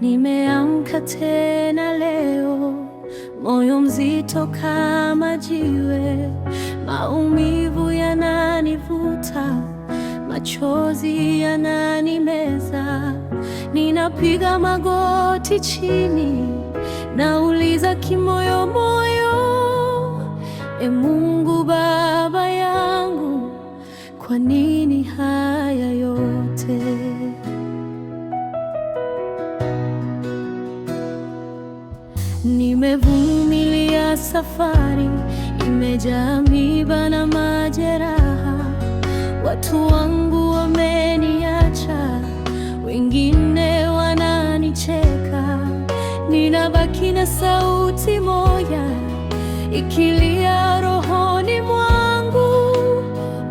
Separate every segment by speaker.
Speaker 1: Nimeamka tena leo, moyo mzito kama jiwe, maumivu yananivuta, machozi yananimeza. Ninapiga magoti chini, nauliza kimoyo moyo, E Mungu Baba yangu, kwa nini haya yote? safari imejaa miba na majeraha. Watu wangu wameniacha, wengine wananicheka. Ninabaki na sauti moja ikilia rohoni mwangu,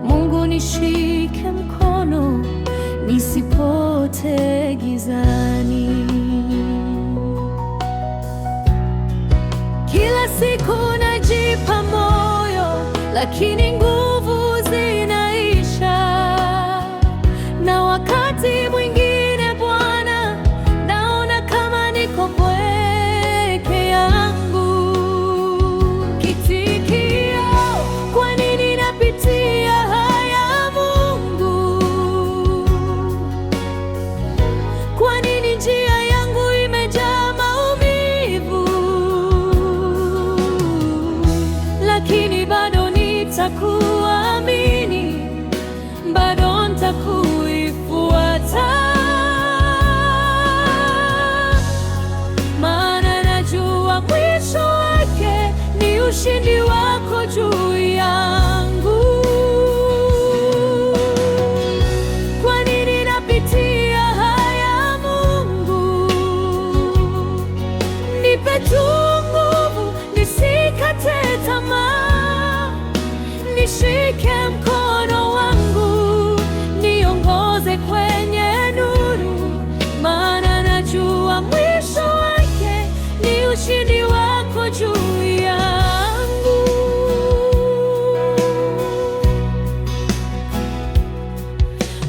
Speaker 1: Mungu nishike mkono nisipotee. sa kining the takut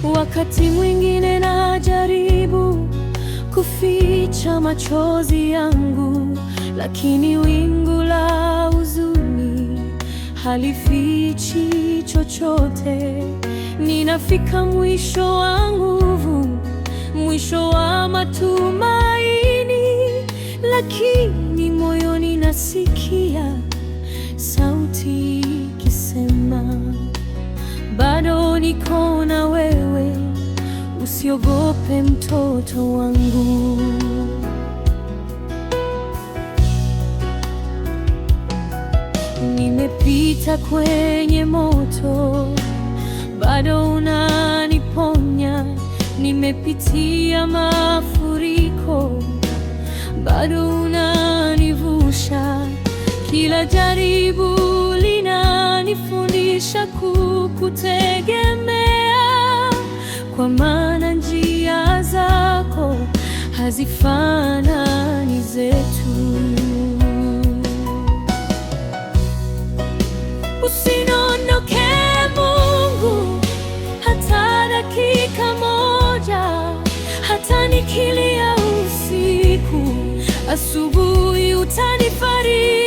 Speaker 1: wakati mwingine najaribu kuficha machozi yangu, lakini wingu la huzuni halifichi chochote. Ninafika mwisho wa nguvu, mwisho wa matumaini, lakini moyo nikasikia sauti ikisema, bado niko na wewe, usiogope mtoto wangu. Nimepita kwenye moto, bado unaniponya. Nimepitia mafuriko, bado una maisha. Kila jaribu linanifundisha kukutegemea, kwa maana njia zako hazifanani zetu. Usiniondoke Mungu, hata dakika moja, hata nikilia usiku, asubuhi utani see.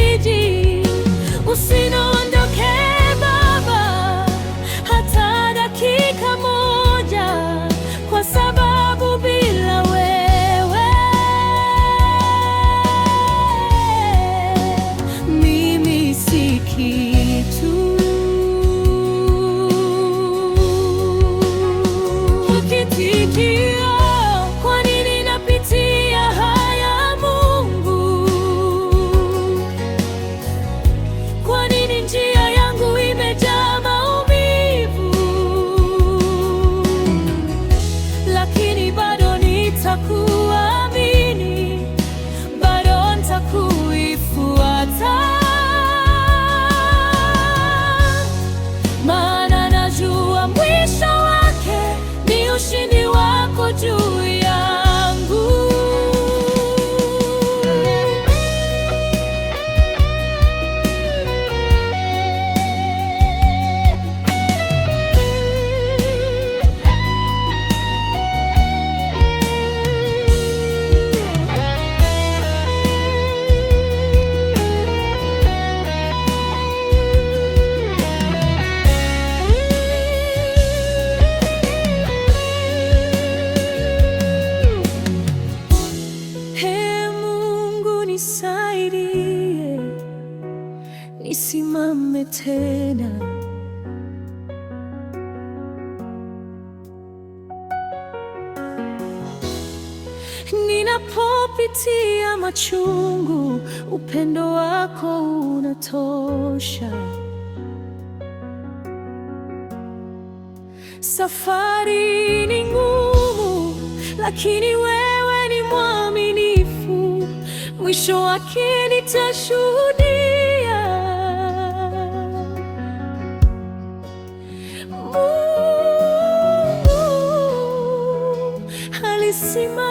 Speaker 1: tena. Ninapopitia machungu, upendo wako unatosha. Safari ni ngumu, lakini wewe ni mwaminifu, mwisho wake nitashuhudia. si